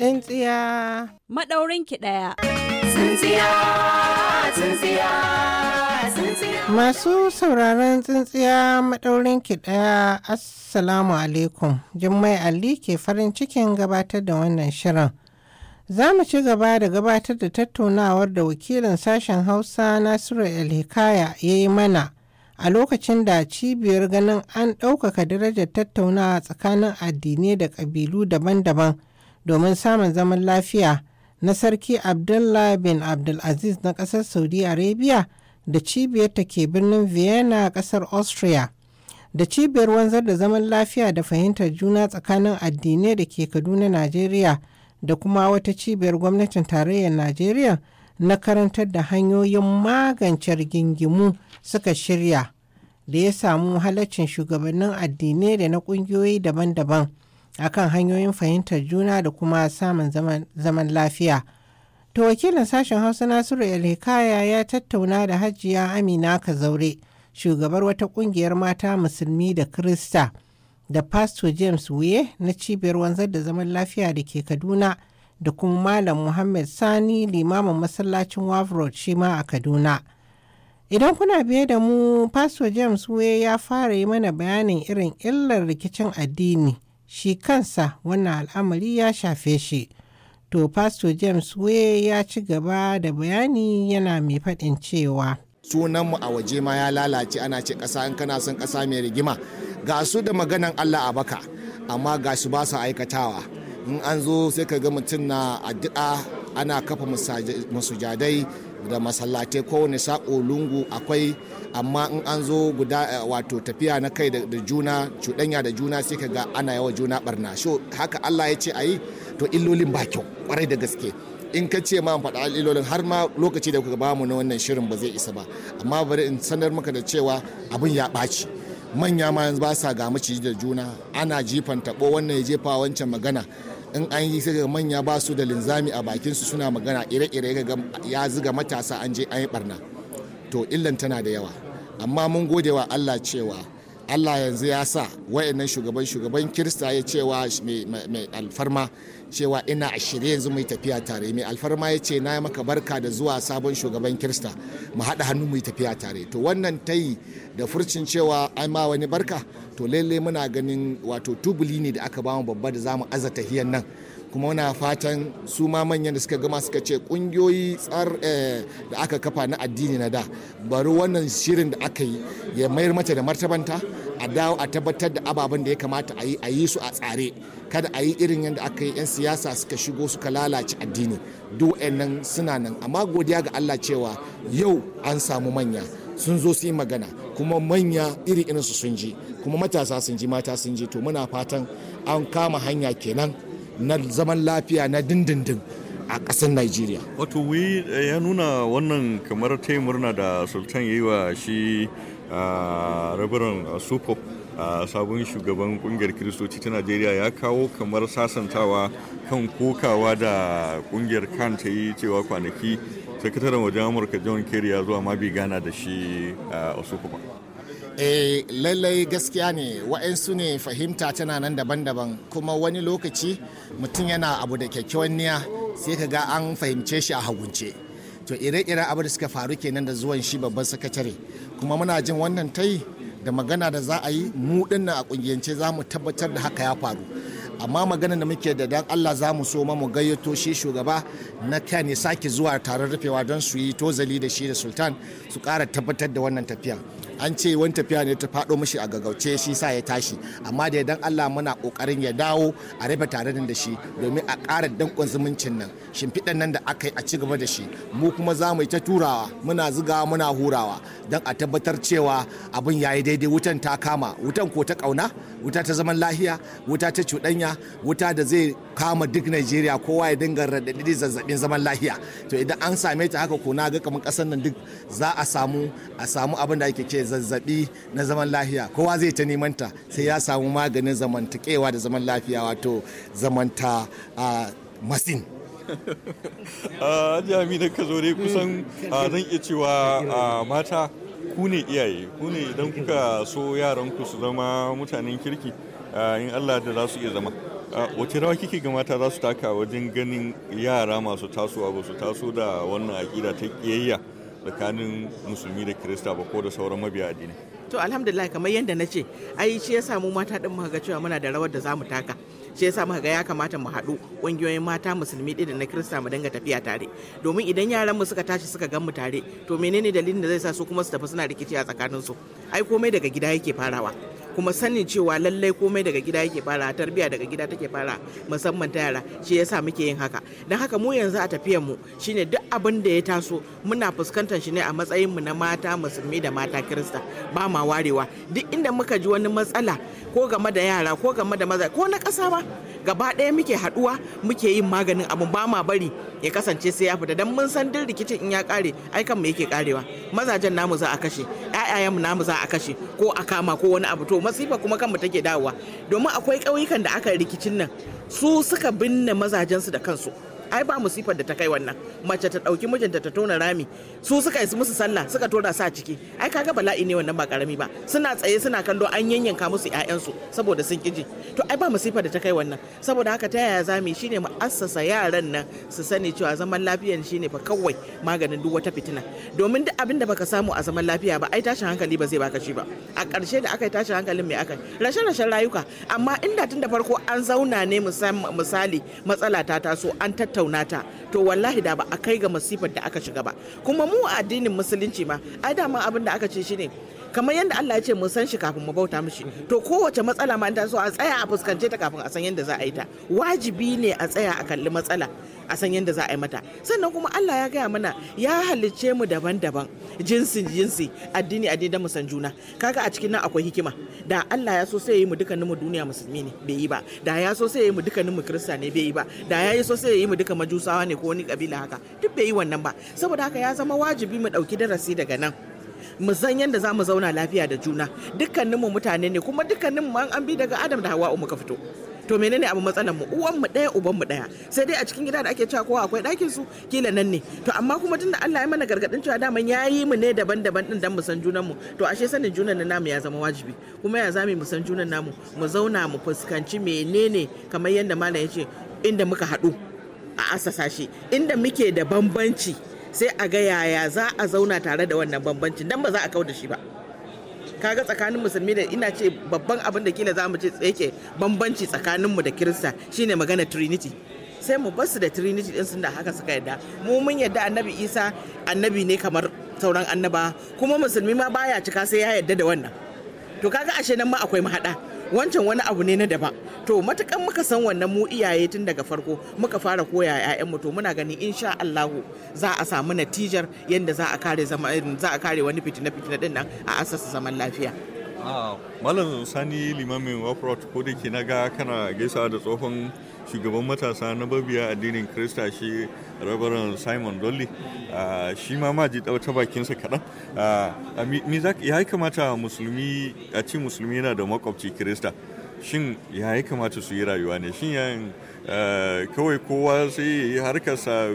Tsintsiya. ki ɗaya. Tsintsiya, tsintsiya, Masu sauraron tsintsiya maɗaurinki ɗaya Assalamu alaikum. Jummai Ali ke farin cikin gabatar da wannan shirin. Za mu ci gaba da gabatar da tattaunawar da wakilin sashen Hausa Nasiru El-Hikaya ya yi mana. a lokacin da cibiyar ganin an ɗaukaka darajar tattaunawa tsakanin addinai da ƙabilu daban-daban domin samun zaman lafiya na sarki abdullah bin abdulaziz na ƙasar saudi arabia da cibiyar ta ke birnin vienna ƙasar austria da cibiyar wanzar da zaman lafiya da fahimtar juna tsakanin addinai da ke kaduna najeriya da kuma wata cibiyar gwamnatin tarayyar najeriya na karantar da hanyoyin magance rigingimu suka shirya da ya samu halaccin shugabannin addinai da na ƙungiyoyi daban-daban akan hanyoyin fahimtar juna da kuma samun zaman lafiya. To wakilin sashen Hausa Nasiru Elhikaya ya tattauna da Hajiya Amina Kazaure, shugabar wata kungiyar mata musulmi da Krista, da Pastor James Wuye na cibiyar wanzar da zaman lafiya da ke Kaduna, da kuma Malam Muhammad Sani limamin masallacin wavrod shi ma a Kaduna. Idan kuna biye da mu, Pastor James Wuye ya fara yi mana bayanin irin illar rikicin addini. shi kansa wannan al'amari ya shafe shi to pastor james way ya ci gaba da bayani yana mai faɗin cewa sunanmu a waje ma ya lalace ana ce ƙasa in kana son ƙasa mai rigima ga su da maganan allah a baka amma ga su ba su aikatawa in an zo sai ka ga mutum na addu'a ana kafa masujadai da masallatai kowane sako lungu akwai amma in an zo guda eh, wato tafiya na kai da juna cuɗanya da juna sai ka ga ana yawa juna barna so haka Allah ya ce ayi to illolin ba kyau kwarai da gaske in ka ce ma faɗa illolin har ma lokaci da kuka ba mu na wannan shirin ba zai isa ba amma bari in sanar maka da cewa abin ya ɓaci manya ma yanzu ba sa ga maciji da juna ana jifan taɓo wannan ya jefa wancan magana in an yi sai manya ba su da linzami a bakin su suna magana ire-ire ya ziga matasa an je an yi barna to illan tana da yawa amma mun gode wa Allah cewa Allah yanzu ya sa wayannan shugaban shugaban Kirista ya cewa mai alfarma cewa ina a shirye yanzu mai tafiya tare mai alfarma ya ce na maka barka da zuwa sabon shugaban Kirista mu haɗa hannu mu tafiya tare to wannan ta yi da furcin cewa ai ma wani barka to lalle muna ganin wato tubuli ne da aka bamu babba da zamu aza tahiyan nan kuma muna fatan su ma manyan da suka gama suka ce kungiyoyi tsar eh, da aka kafa na addini na da bari wannan shirin da aka yi ya mayar mata da martabanta a dawo a tabbatar da ababen da ya kamata a yi a yi su a tsare kada a yi irin yadda aka yi 'yan siyasa suka shigo suka lalace addini duk nan suna nan amma godiya ga allah cewa yau an samu manya sun zo su yi magana kuma manya iri su sun ji kuma matasa sun ji mata sun ji to muna fatan an kama hanya kenan na zaman lafiya na dindindin a ƙasar Najeriya. Wato wi eh, ya nuna wannan kamar ta murna da Sultan yi wa shi rabaran a sabon shugaban kungiyar kiristoci ta najeriya ya kawo kamar sasantawa kan kokawa da kungiyar kan ta yi cewa kwanaki sakataren wajen amurka john kerry ya zuwa ma gana da shi a osukuba eh lallai gaskiya ne wa'ansu ne fahimta tana nan daban-daban kuma wani lokaci mutum yana abu da kyakkyawan niyya sai ka ga an fahimce shi a hagunce to ire-ire abu da suka faru kenan da zuwan shi babban sakatare kuma muna jin wannan ta yi da magana da za a yi mu dinnan a kungiyance za mu tabbatar da haka ya faru amma magana da muke da dan Allah za mu so mu gayyato shi shugaba na ka ne sake zuwa taron rufewa don su yi tozali da shi da sultan su kara tabbatar da wannan tafiya an ce wani tafiya ne ta faɗo mashi a gagauce shi sa ya tashi amma da dan Allah muna kokarin ya dawo a rufe tare da shi domin a ƙara dankon zumuncin nan shimfiɗan nan da aka yi a cigaba da shi mu kuma za mu yi ta turawa muna zigawa muna hurawa don a tabbatar cewa abin ya yi daidai wutan ta kama wutan ko ta ƙauna wuta ta zaman lahiya wuta ta cuɗanya wuta da zai kama duk Najeriya kowa ya dinga raɗaɗi zazzabin zaman lahiya to idan an same ta haka ko na ga kamar ƙasar nan duk za a samu a samu abin da ake ce zazzabi na zaman lafiya kowa zai ta neman ta sai ya samu maganin zamantakewa da zaman lafiya wato zamanta masin ah, a jami'in ka zo dai kusan hmm. ah, zan iya cewa ah, mata ku ne iyaye ku ne idan kuka so yaranku su zama mutanen kirki in allah da za su iya zama wace rawa kike ga mata za su taka wajen ganin yara masu tasowa ba su taso da wannan aƙida ta ƙiyayya tsakanin musulmi da kirista ba ko da sauran mabiya addini to alhamdulillah kamar yadda na ce ai shi ya samu mata din muka ga cewa muna da rawar da za mu taka shi ya samu ga ya kamata mu haɗu ƙungiyoyin mata musulmi ɗin da na kirista mu dinga tafiya tare domin idan yaran mu suka tashi suka gan mu tare to menene dalilin da zai sa su kuma su tafi suna rikici a tsakanin su ai komai daga gida yake farawa kuma sanin cewa lallai komai daga gida yake fara tarbiya daga gida take fara musamman ta yara shi yasa muke yin haka don haka mu yanzu a tafiyar mu shine duk abin da ya taso muna fuskantar shi ne a matsayin mu na mata musulmi da mata kirista ba ma warewa duk inda muka ji wani matsala ko game da yara ko game da maza ko na ƙasa ba gaba ɗaya muke haɗuwa muke yin maganin abu ba ma bari ya kasance sai ya fita don mun san duk rikicin in ya ƙare aikan mu yake ƙarewa mazajen namu za a kashe mu namu za a kashe ko a kama ko wani abu to masifa kuma kanmu take dawowa domin akwai ƙauyukan da aka rikicin nan su suka binne mazajensu da kansu ai ba musifar da ta kai wannan mace ta dauki mijinta ta tona rami su suka yi musu sallah suka tura sa ciki ai kaga bala'i ne wannan ba karami ba suna tsaye suna kallo an yanyanka musu ƴaƴansu saboda sun kiji to ai ba musifar da ta kai wannan saboda haka ta yaya zamu mu shine mu assasa yaran nan su sani cewa zaman lafiyan shine fa kawai maganin duk wata fitina domin duk abin da baka samu a zaman lafiya ba ai tashin hankali ba zai baka shi ba a ƙarshe da aka yi tashin hankalin mai aka rashe rashen rayuka amma inda tun da farko an zauna ne misali matsala ta taso an tattauna tattauna ta to wallahi da ba a kai ga masifar da aka shiga ba kuma mu a addinin musulunci ma ai da abin da aka ce shine kamar yadda Allah ya ce mu san shi kafin mu bauta mishi to kowace matsala ma ta so a tsaya a fuskance ta kafin a san yadda za a yi ta wajibi ne a tsaya a kalli matsala a san yadda za a yi mata sannan kuma Allah ya gaya mana ya halicce mu daban-daban jinsin jinsi addini addini don mu san juna kaga a cikin nan akwai hikima da Allah ya so sai yi mu dukkanin mu duniya musulmi ne bai yi ba da ya so sai yi mu dukkanin mu kirista ne bai yi ba da ya yi so sai yi mu duka majusawa ne ko wani kabila haka duk bai yi wannan ba saboda haka ya zama wajibi mu dauki darasi daga nan mu san yadda za mu zauna lafiya da juna Dukkanin mu mutane ne kuma dukkanin mu an bi daga adam da hawa'u muka fito to menene abu matsalar mu uwan mu daya uban mu daya sai dai a cikin gida da ake cewa kowa akwai ɗakin su kila nan ne to amma kuma tunda Allah ya mana gargadin cewa daman yayi mu ne daban-daban din dan mu san junan mu to ashe sanin junan na namu ya zama wajibi kuma ya zame mu san junan namu mu zauna mu fuskanci menene kamar yadda malam ya ce inda muka haɗu a asasa shi inda muke da bambanci sai a ga yaya za a zauna tare da wannan bambancin dan ba za a kau da shi ba kaga tsakanin musulmi da ina ce babban abin da kila za mu ce tsake bambanci tsakaninmu da kirista shine magana trinity sai mu basu da trinity din sun da haka suka yadda mu mun yadda annabi isa annabi ne kamar sauran annaba kuma musulmi ma baya cika sai ya yadda da wannan to kaga ashe nan ma akwai mahada wancan wani abu ne na daba to matukan muka san wannan mu iyaye tun daga farko muka fara koya ya'yan mu to muna gani insha Allahu za a samu natijar yadda za a kare za a kare wani fitina fitina din nan a asasa zaman lafiya ah, malam sani limamin wafrot ko da ke na ga kana gaisawa da tsohon shugaban matasa na babiya addinin krista shi rabaran simon dolly shi ma ma ji ta bakinsa kaɗan ya kamata musulmi a ce musulmi yana da makwabci krista shin ya yi kamata su yi rayuwa ne shin ya kawai kowa sai ya yi harkarsa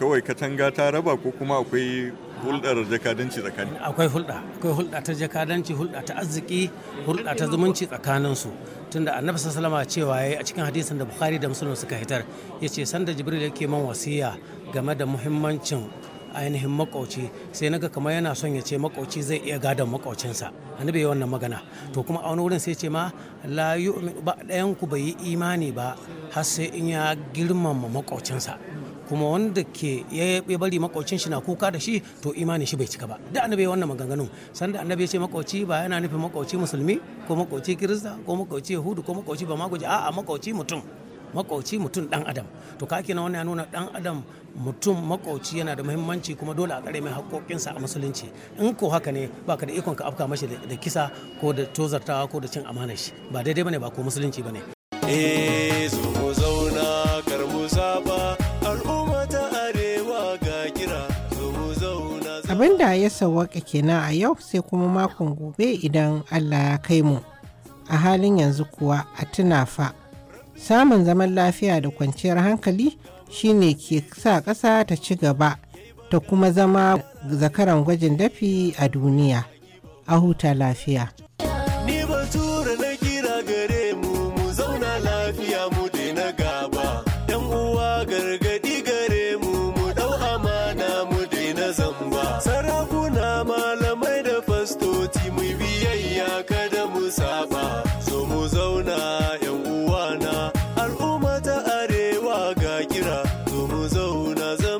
kawai katanga ta raba ko kuma akwai hulɗar jakadanci tsakani akwai hulɗa akwai hulɗa ta jakadanci hulɗa ta arziki hulɗa ta zumunci tsakanin su tunda annabi sallama cewa yayi a cikin hadisin da bukhari da muslim suka hitar yace sanda jibril yake man wasiya game da muhimmancin ainihin makauci sai naga kamar yana son ya ce makauci zai iya gadon makaucinsa annabi yayi wannan magana to kuma a wani wurin sai ce ma la yu'min ba ku bai yi imani ba har sai in ya girmama makaucinsa kuma wanda ke ya bari makocin shi na kuka da shi to imanin shi bai cika ba da annabi wannan maganganun sanda annabi ya ce makoci ba yana nufin makoci musulmi ko makoci kirista ko makoci yahudu ko makoci ba a a makoci mutum makoci mutum dan adam to ka kenan wannan ya nuna dan adam mutum makoci yana da muhimmanci kuma dole a kare mai haƙoƙinsa a musulunci in ko haka ne baka da ikon ka afka mashi da kisa ko da tozartawa ko da cin amanar shi ba daidai bane ba ko musulunci bane eh abin ya sawwaka kenan a yau sai kuma makon gobe idan allah ya kai mu a halin yanzu kuwa a tuna fa samun zaman lafiya da kwanciyar hankali shine ke sa ƙasa ta ci gaba ta kuma zama zakaran gwajin dafi a duniya a huta lafiya ni tura na kira gare kira zo mu zauna zama